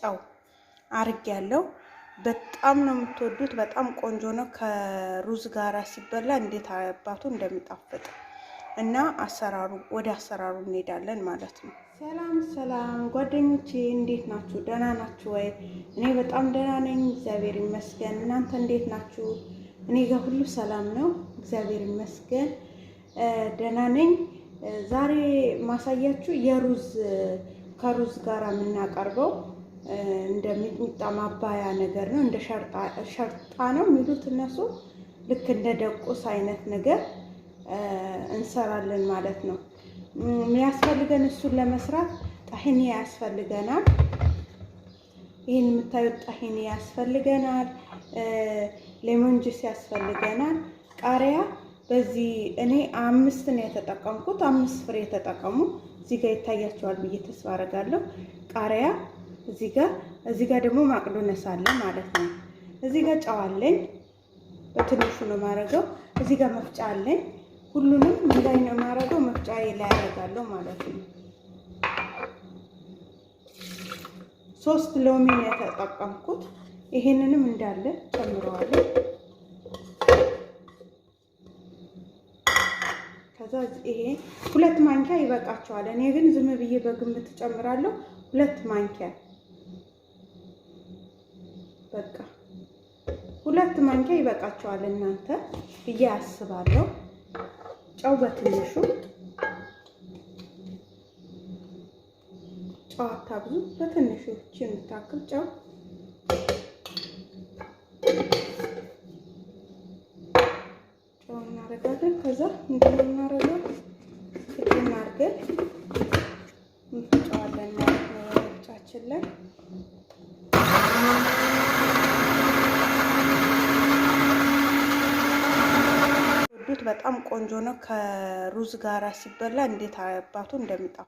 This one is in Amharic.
ጨው አርግ ያለው በጣም ነው የምትወዱት። በጣም ቆንጆ ነው። ከሩዝ ጋራ ሲበላ እንዴት አባቱ እንደሚጣፍጥ እና አሰራሩ ወደ አሰራሩ እንሄዳለን ማለት ነው። ሰላም ሰላም ጓደኞቼ እንዴት ናችሁ? ደህና ናችሁ ወይ? እኔ በጣም ደህና ነኝ፣ እግዚአብሔር ይመስገን። እናንተ እንዴት ናችሁ? እኔ ጋር ሁሉ ሰላም ነው፣ እግዚአብሔር ይመስገን፣ ደህና ነኝ። ዛሬ ማሳያችሁ የሩዝ ከሩዝ ጋር የምናቀርበው እንደ ሚጥሚጣ ማባያ ነገር ነው። እንደ ሸርጣ ነው የሚሉት እነሱ። ልክ እንደ ደቁስ አይነት ነገር እንሰራለን ማለት ነው። የሚያስፈልገን እሱን ለመስራት ጣሂኒ ያስፈልገናል። ይህን የምታዩት ጣሂኒ ያስፈልገናል። ሌሞን ጁስ ያስፈልገናል። ቃሪያ በዚህ እኔ አምስት ነው የተጠቀምኩት። አምስት ፍሬ የተጠቀሙ እዚህ ጋር ይታያቸዋል ብዬ ተስፋ አደርጋለሁ። ቃሪያ እዚህ ጋር እዚህ ጋር ደግሞ ማቅዶነስ አለ ማለት ነው። እዚህ ጋር ጨው አለኝ፣ በትንሹ ነው የማደርገው። እዚህ ጋር መፍጫ አለኝ። ሁሉንም ላይ ነው የማደርገው፣ መፍጫ ላይ አደርጋለሁ ማለት ነው። ሶስት ሎሚ ነው የተጠቀምኩት። ይሄንንም እንዳለ ጨምረዋለሁ። ከዛ ይሄ ሁለት ማንኪያ ይበቃቸዋል። እኔ ግን ዝም ብዬ በግምት ጨምራለሁ ሁለት ማንኪያ በቃ ሁለት ማንኪያ ይበቃቸዋል እናንተ ብዬ አስባለሁ። ጨው በትንሹ ጨው አታብዙ፣ በትንሹ እቺ የምታክል ጨው ጨው እናደርጋለን። ከዛ እንደምን እናደርጋለን እናድርገን እንፈጨዋለን ማለት ነው። ወጫችን ላይ በጣም ቆንጆ ነው። ከሩዝ ጋራ ሲበላ እንዴት አባቱ እንደሚጣ